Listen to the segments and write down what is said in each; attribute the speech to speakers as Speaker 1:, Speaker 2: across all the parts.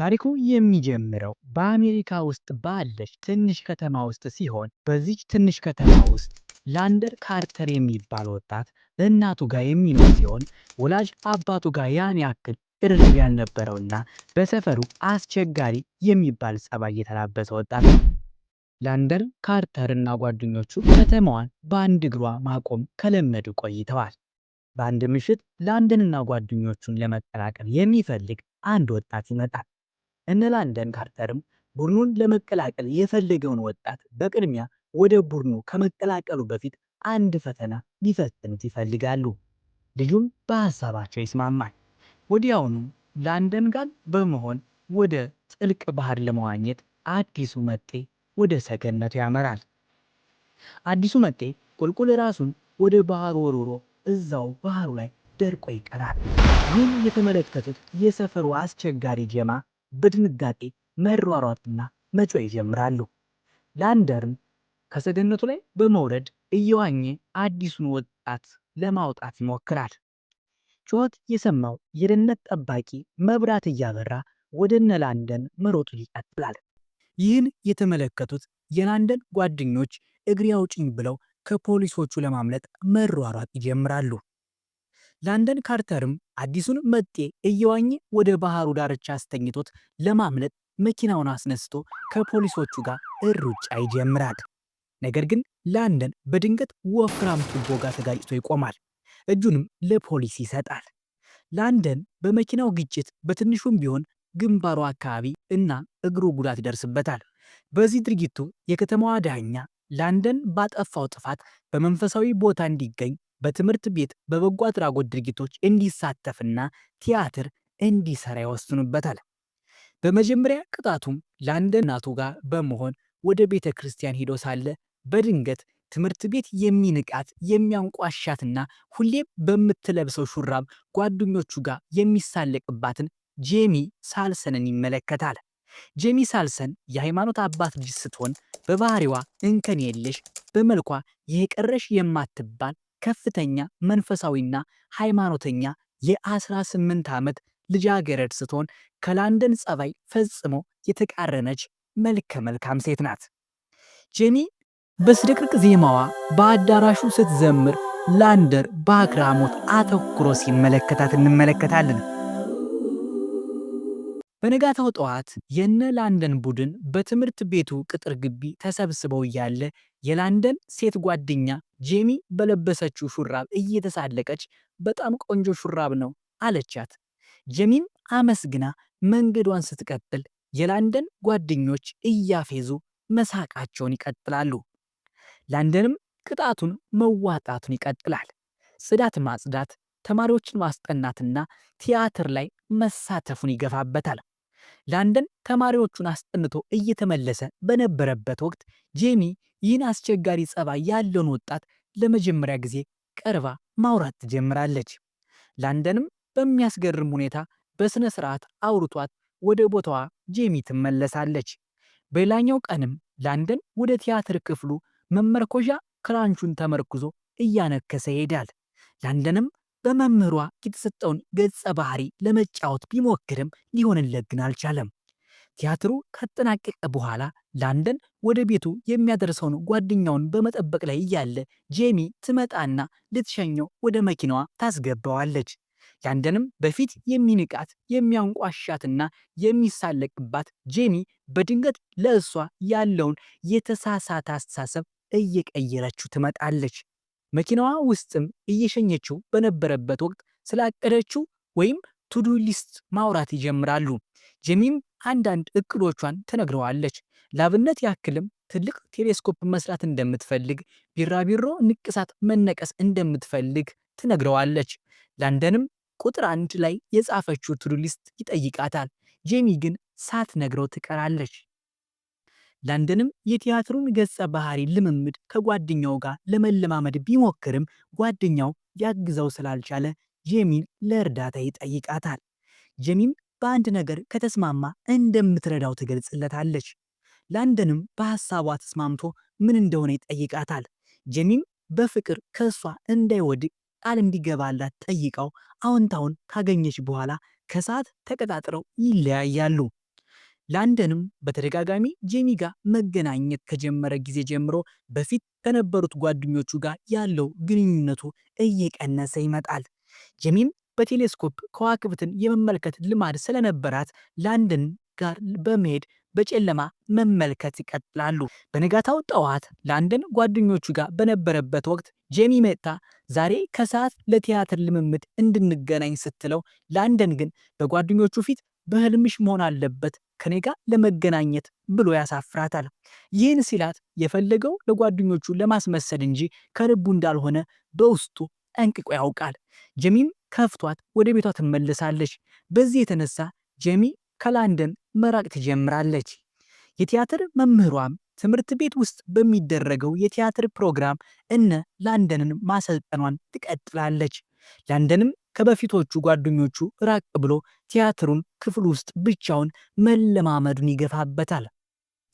Speaker 1: ታሪኩ የሚጀምረው በአሜሪካ ውስጥ ባለች ትንሽ ከተማ ውስጥ ሲሆን በዚች ትንሽ ከተማ ውስጥ ላንደር ካርተር የሚባል ወጣት እናቱ ጋር የሚኖር ሲሆን ወላጅ አባቱ ጋር ያን ያክል ቅርርብ ያልነበረውና በሰፈሩ አስቸጋሪ የሚባል ጸባይ የተላበሰ ወጣት ነው። ላንደር ካርተር እና ጓደኞቹ ከተማዋን በአንድ እግሯ ማቆም ከለመዱ ቆይተዋል። በአንድ ምሽት ላንደንና ጓደኞቹን ለመቀላቀል የሚፈልግ አንድ ወጣት ይመጣል። እነ ላንደን ካርተርም ቡድኑን ለመቀላቀል የፈለገውን ወጣት በቅድሚያ ወደ ቡድኑ ከመቀላቀሉ በፊት አንድ ፈተና ሊፈትኑት ይፈልጋሉ። ልጁም በሀሳባቸው ይስማማል። ወዲያውኑ ላንደን ጋር በመሆን ወደ ጥልቅ ባህር ለመዋኘት አዲሱ መጤ ወደ ሰገነቱ ያመራል። አዲሱ መጤ ቁልቁል ራሱን ወደ ባህር ወርውሮ እዛው ባህሩ ላይ ደርቆ ይቀራል። ይህን የተመለከቱት የሰፈሩ አስቸጋሪ ጀማ በድንጋጤ መሯሯጥና መጮህ ይጀምራሉ። ላንደርም ከሰገነቱ ላይ በመውረድ እየዋኘ አዲሱን ወጣት ለማውጣት ይሞክራል። ጩኸት የሰማው የደህንነት ጠባቂ መብራት እያበራ ወደ እነ ላንደን መሮጡ ይቀጥላል። ይህን የተመለከቱት የላንደን ጓደኞች እግሬ ብለው ከፖሊሶቹ ለማምለጥ መሯሯጥ ይጀምራሉ። ላንደን ካርተርም አዲሱን መጤ እየዋኘ ወደ ባህሩ ዳርቻ አስተኝቶት ለማምለጥ መኪናውን አስነስቶ ከፖሊሶቹ ጋር እሩጫ ይጀምራል። ነገር ግን ላንደን በድንገት ወፍራም ቱቦ ጋር ተጋጭቶ ይቆማል። እጁንም ለፖሊስ ይሰጣል። ላንደን በመኪናው ግጭት በትንሹም ቢሆን ግንባሩ አካባቢ እና እግሩ ጉዳት ይደርስበታል። በዚህ ድርጊቱ የከተማዋ ዳኛ ላንደን ባጠፋው ጥፋት በመንፈሳዊ ቦታ እንዲገኝ በትምህርት ቤት በበጎ አድራጎት ድርጊቶች እንዲሳተፍና ቲያትር እንዲሰራ ይወስኑበታል። በመጀመሪያ ቅጣቱም ለአንድ እናቱ ጋር በመሆን ወደ ቤተ ክርስቲያን ሄዶ ሳለ በድንገት ትምህርት ቤት የሚንቃት የሚያንቋሻትና ሁሌም በምትለብሰው ሹራብ ጓደኞቹ ጋር የሚሳለቅባትን ጄሚ ሳልሰንን ይመለከታል። ጄሚ ሳልሰን የሃይማኖት አባት ልጅ ስትሆን በባህሪዋ እንከን የለሽ በመልኳ የቀረሽ የማትባል ከፍተኛ መንፈሳዊና ሃይማኖተኛ የ18 ዓመት ልጃገረድ ስትሆን ከላንደን ጸባይ ፈጽሞ የተቃረነች መልከ መልካም ሴት ናት። ጄኒ በስድቅርቅ ዜማዋ በአዳራሹ ስትዘምር ላንደር በአግራሞት አተኩሮ ሲመለከታት እንመለከታለን። በነጋታው ጠዋት የነ ላንደን ቡድን በትምህርት ቤቱ ቅጥር ግቢ ተሰብስበው እያለ የላንደን ሴት ጓደኛ ጄሚ በለበሰችው ሹራብ እየተሳለቀች በጣም ቆንጆ ሹራብ ነው አለቻት። ጄሚም አመስግና መንገዷን ስትቀጥል የላንደን ጓደኞች እያፌዙ መሳቃቸውን ይቀጥላሉ። ላንደንም ቅጣቱን መዋጣቱን ይቀጥላል። ጽዳት ማጽዳት፣ ተማሪዎችን ማስጠናትና ቲያትር ላይ መሳተፉን ይገፋበታል። ላንደን ተማሪዎቹን አስጠንቶ እየተመለሰ በነበረበት ወቅት ጄሚ ይህን አስቸጋሪ ጸባይ ያለውን ወጣት ለመጀመሪያ ጊዜ ቀርባ ማውራት ትጀምራለች። ላንደንም በሚያስገርም ሁኔታ በሥነ ሥርዓት አውርቷት ወደ ቦታዋ ጄሚ ትመለሳለች። በሌላኛው ቀንም ላንደን ወደ ቲያትር ክፍሉ መመርኮዣ ክራንቹን ተመርኩዞ እያነከሰ ይሄዳል። ላንደንም በመምህሯ የተሰጠውን ገጸ ባህሪ ለመጫወት ቢሞክርም ሊሆንለት ግን አልቻለም። ቲያትሩ ከተጠናቀቀ በኋላ ላንደን ወደ ቤቱ የሚያደርሰውን ጓደኛውን በመጠበቅ ላይ እያለ ጄሚ ትመጣና ልትሸኘው ወደ መኪናዋ ታስገባዋለች። ላንደንም በፊት የሚንቃት የሚያንቋሻትና የሚሳለቅባት ጄሚ በድንገት ለእሷ ያለውን የተሳሳተ አስተሳሰብ እየቀየረችው ትመጣለች። መኪናዋ ውስጥም እየሸኘችው በነበረበት ወቅት ስላቀደችው ወይም ቱዱ ሊስት ማውራት ይጀምራሉ። ጄሚም አንዳንድ እቅዶቿን ትነግረዋለች። ላብነት ያክልም ትልቅ ቴሌስኮፕ መስራት እንደምትፈልግ፣ ቢራቢሮ ንቅሳት መነቀስ እንደምትፈልግ ትነግረዋለች። ላንደንም ቁጥር አንድ ላይ የጻፈችው ቱዱ ሊስት ይጠይቃታል። ጄሚ ግን ሳትነግረው ትቀራለች። ላንደንም የቲያትሩን ገጸ ባህሪ ልምምድ ከጓደኛው ጋር ለመለማመድ ቢሞክርም ጓደኛው ሊያግዘው ስላልቻለ ጄሚን ለእርዳታ ይጠይቃታል። ጄሚም በአንድ ነገር ከተስማማ እንደምትረዳው ትገልጽለታለች። ላንደንም በሐሳቧ ተስማምቶ ምን እንደሆነ ይጠይቃታል። ጄሚም በፍቅር ከእሷ እንዳይወድቅ ቃል እንዲገባላት ጠይቃው አዎንታውን ካገኘች በኋላ ከሰዓት ተቀጣጥረው ይለያያሉ። ላንደንም በተደጋጋሚ ጄሚ ጋር መገናኘት ከጀመረ ጊዜ ጀምሮ በፊት ከነበሩት ጓደኞቹ ጋር ያለው ግንኙነቱ እየቀነሰ ይመጣል። ጄሚም በቴሌስኮፕ ከዋክብትን የመመልከት ልማድ ስለነበራት ላንደን ጋር በመሄድ በጨለማ መመልከት ይቀጥላሉ። በንጋታው ጠዋት ላንደን ጓደኞቹ ጋር በነበረበት ወቅት ጄሚ መጣ። ዛሬ ከሰዓት ለቲያትር ልምምድ እንድንገናኝ ስትለው፣ ላንደን ግን በጓደኞቹ ፊት በህልምሽ መሆን አለበት ከኔ ጋር ለመገናኘት ብሎ ያሳፍራታል። ይህን ሲላት የፈለገው ለጓደኞቹ ለማስመሰል እንጂ ከልቡ እንዳልሆነ በውስጡ ጠንቅቆ ያውቃል። ጀሚም ከፍቷት ወደ ቤቷ ትመለሳለች። በዚህ የተነሳ ጀሚ ከላንደን መራቅ ትጀምራለች። የቲያትር መምህሯም ትምህርት ቤት ውስጥ በሚደረገው የቲያትር ፕሮግራም እነ ላንደንን ማሰልጠኗን ትቀጥላለች። ላንደንም ከበፊቶቹ ጓደኞቹ ራቅ ብሎ ቲያትሩን ክፍል ውስጥ ብቻውን መለማመዱን ይገፋበታል።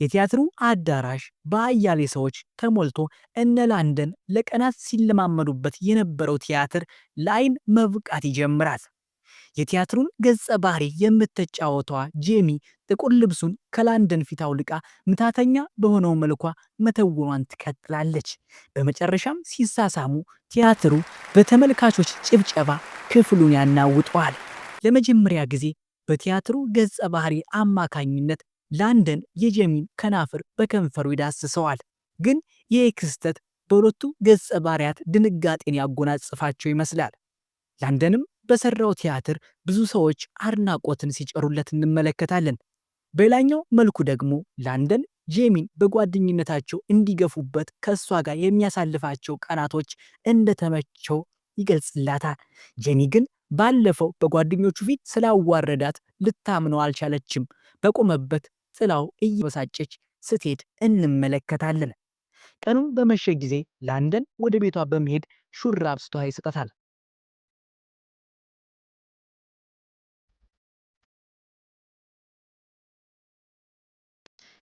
Speaker 1: የቲያትሩ አዳራሽ በአያሌ ሰዎች ተሞልቶ እነ ላንደን ለቀናት ሲለማመዱበት የነበረው ቲያትር ለአይን መብቃት ይጀምራል። የቲያትሩን ገጸ ባህሪ የምትጫወተዋ ጄሚ ጥቁር ልብሱን ከላንደን ፊት አውልቃ ምታተኛ በሆነው መልኳ መተወኗን ትቀጥላለች። በመጨረሻም ሲሳሳሙ ቲያትሩ በተመልካቾች ጭብጨባ ክፍሉን ያናውጠዋል። ለመጀመሪያ ጊዜ በቲያትሩ ገጸ ባህሪ አማካኝነት ላንደን የጀሚን ከናፍር በከንፈሩ ይዳስሰዋል። ግን ይህ ክስተት በሁለቱ ገጸ ባሪያት ድንጋጤን ያጎናጽፋቸው ይመስላል። ላንደንም በሰራው ቲያትር ብዙ ሰዎች አድናቆትን ሲጨሩለት እንመለከታለን። በሌላኛው መልኩ ደግሞ ላንደን ጄሚን በጓደኝነታቸው እንዲገፉበት ከእሷ ጋር የሚያሳልፋቸው ቀናቶች እንደተመቸው ይገልጽላታል። ጄሚ ግን ባለፈው በጓደኞቹ ፊት ስላዋረዳት ልታምነው አልቻለችም። በቆመበት ጥላው እየበሳጨች ስትሄድ እንመለከታለን። ቀኑ በመሸ ጊዜ ላንደን ወደ ቤቷ በመሄድ ሹራብ ስቷ ይሰጣታል።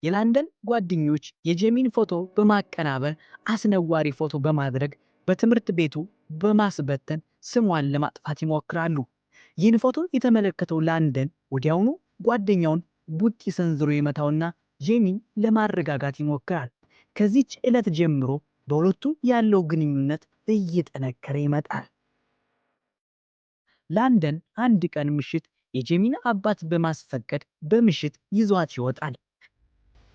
Speaker 1: የላንደን ጓደኞች የጀሚን ፎቶ በማቀናበር አስነዋሪ ፎቶ በማድረግ በትምህርት ቤቱ በማስበተን ስሟን ለማጥፋት ይሞክራሉ። ይህን ፎቶ የተመለከተው ላንደን ወዲያውኑ ጓደኛውን ቡጢ ሰንዝሮ ይመታውና ጄሚን ለማረጋጋት ይሞክራል። ከዚች ዕለት ጀምሮ በሁለቱ ያለው ግንኙነት እየጠነከረ ይመጣል። ላንደን አንድ ቀን ምሽት የጄሚን አባት በማስፈቀድ በምሽት ይዟት ይወጣል።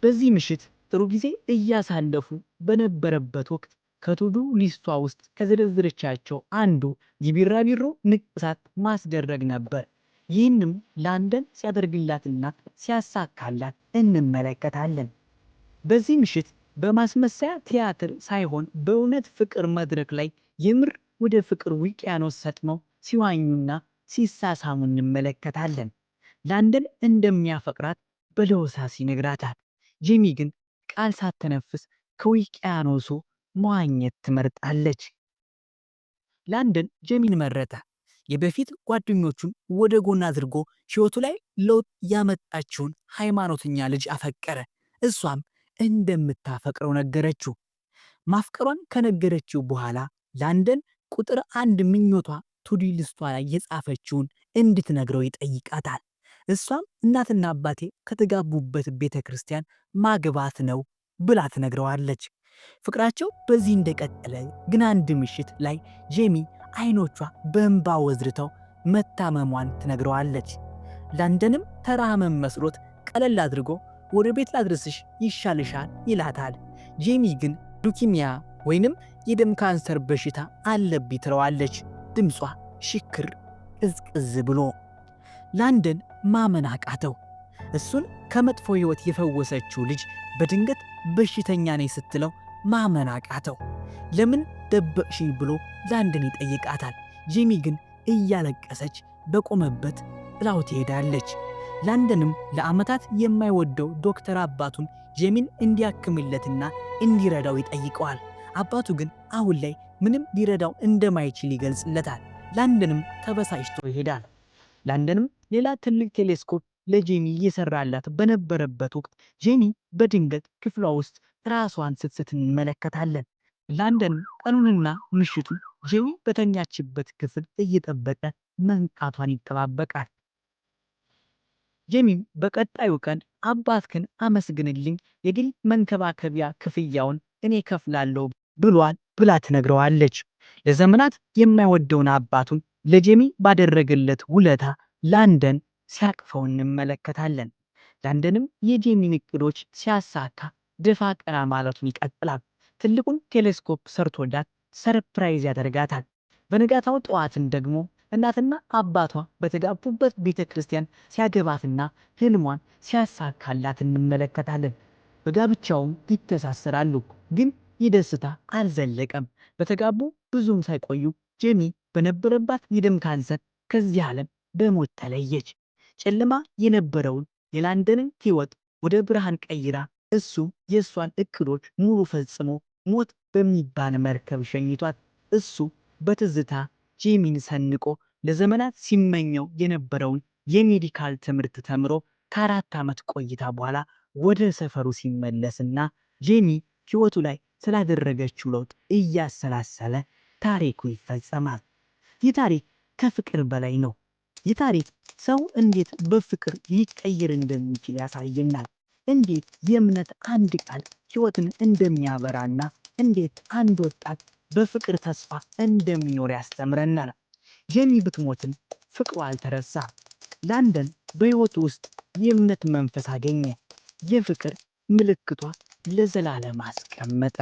Speaker 1: በዚህ ምሽት ጥሩ ጊዜ እያሳለፉ በነበረበት ወቅት ከቱዱ ሊስቷ ውስጥ ከዘረዘረቻቸው አንዱ የቢራቢሮ ንቅሳት ማስደረግ ነበር። ይህንም ላንደን ሲያደርግላትና ሲያሳካላት እንመለከታለን። በዚህ ምሽት በማስመሰያ ቲያትር ሳይሆን በእውነት ፍቅር መድረክ ላይ የምር ወደ ፍቅር ውቅያኖስ ሰጥመው ሲዋኙና ሲሳሳሙ እንመለከታለን። ላንደን እንደሚያፈቅራት በለሆሳስ ይነግራታል። ጄሚ ግን ቃል ሳትተነፍስ ከውቅያኖሱ መዋኘት ትመርጣለች። ላንደን ጄሚን መረጠ። የበፊት ጓደኞቹን ወደ ጎን አድርጎ ሕይወቱ ላይ ለውጥ ያመጣችውን ሃይማኖተኛ ልጅ አፈቀረ። እሷም እንደምታፈቅረው ነገረችው። ማፍቀሯን ከነገረችው በኋላ ላንደን ቁጥር አንድ ምኞቷ ቱዲ ልስቷ ላይ የጻፈችውን እንድትነግረው ይጠይቃታል። እሷም እናትና አባቴ ከተጋቡበት ቤተ ክርስቲያን ማግባት ነው ብላ ትነግረዋለች። ፍቅራቸው በዚህ እንደቀጠለ ግን አንድ ምሽት ላይ ጄሚ አይኖቿ በእንባ ወዝርተው መታመሟን ትነግረዋለች። ላንደንም ተራ ህመም መስሎት ቀለል አድርጎ ወደ ቤት ላድርስሽ ይሻልሻል ይላታል። ጄሚ ግን ሉኪሚያ ወይንም የደም ካንሰር በሽታ አለብኝ ትለዋለች። ድምጿ ሽክር ቅዝቅዝ ብሎ ላንደን ማመን አቃተው። እሱን ከመጥፎ ሕይወት የፈወሰችው ልጅ በድንገት በሽተኛ ነኝ ስትለው ማመን አቃተው። ለምን ደበቅሽኝ ብሎ ላንድን ይጠይቃታል። ጂሚ ግን እያለቀሰች በቆመበት ጥላው ትሄዳለች። ላንደንም ለዓመታት የማይወደው ዶክተር አባቱን ጄሚን እንዲያክምለትና እንዲረዳው ይጠይቀዋል። አባቱ ግን አሁን ላይ ምንም ሊረዳው እንደማይችል ይገልጽለታል። ላንደንም ተበሳጭቶ ይሄዳል። ላንደንም ሌላ ትልቅ ቴሌስኮፕ ለጄሚ እየሰራላት በነበረበት ወቅት ጄሚ በድንገት ክፍሏ ውስጥ ራሷን ስትስት እንመለከታለን። ላንደን ቀኑንና ምሽቱን ጄሚ በተኛችበት ክፍል እየጠበቀ መንቃቷን ይጠባበቃል። ጄሚም በቀጣዩ ቀን አባትክን አመስግንልኝ፣ የግል መንከባከቢያ ክፍያውን እኔ ከፍላለሁ ብሏል ብላ ትነግረዋለች። ለዘመናት የማይወደውን አባቱን ለጄሚ ባደረገለት ውለታ ላንደን ሲያቅፈው እንመለከታለን። ላንደንም የጄሚን እቅዶች ሲያሳካ ደፋ ቀና ማለቱን ይቀጥላል። ትልቁን ቴሌስኮፕ ሰርቶላት ሰርፕራይዝ ያደርጋታል። በንጋታው ጠዋትን ደግሞ እናትና አባቷ በተጋቡበት ቤተ ክርስቲያን ሲያገባትና ህልሟን ሲያሳካላት እንመለከታለን። በጋብቻውም ይተሳሰራሉ። ግን ይህ ደስታ አልዘለቀም። በተጋቡ ብዙም ሳይቆዩ ጄሚ በነበረባት የደም ካንሰር ከዚህ ዓለም በሞት ተለየች። ጨለማ የነበረውን የላንደንን ህይወት ወደ ብርሃን ቀይራ እሱ የእሷን እቅዶች ሙሉ ፈጽሞ ሞት በሚባል መርከብ ሸኝቷት እሱ በትዝታ ጄሚን ሰንቆ ለዘመናት ሲመኘው የነበረውን የሜዲካል ትምህርት ተምሮ ከአራት ዓመት ቆይታ በኋላ ወደ ሰፈሩ ሲመለስና ጄሚ ሕይወቱ ላይ ስላደረገችው ለውጥ እያሰላሰለ ታሪኩ ይፈጸማል። ይህ ታሪክ ከፍቅር በላይ ነው። ይህ ታሪክ ሰው እንዴት በፍቅር ሊቀይር እንደሚችል ያሳየናል። እንዴት የእምነት አንድ ቃል ሕይወትን እንደሚያበራና እንዴት አንድ ወጣት በፍቅር ተስፋ እንደሚኖር ያስተምረናል። ጄኒ ብትሞትም ፍቅሩ አልተረሳ። ላንደን በሕይወቱ ውስጥ የእምነት መንፈስ አገኘ። የፍቅር ምልክቷ ለዘላለም አስቀመጠ።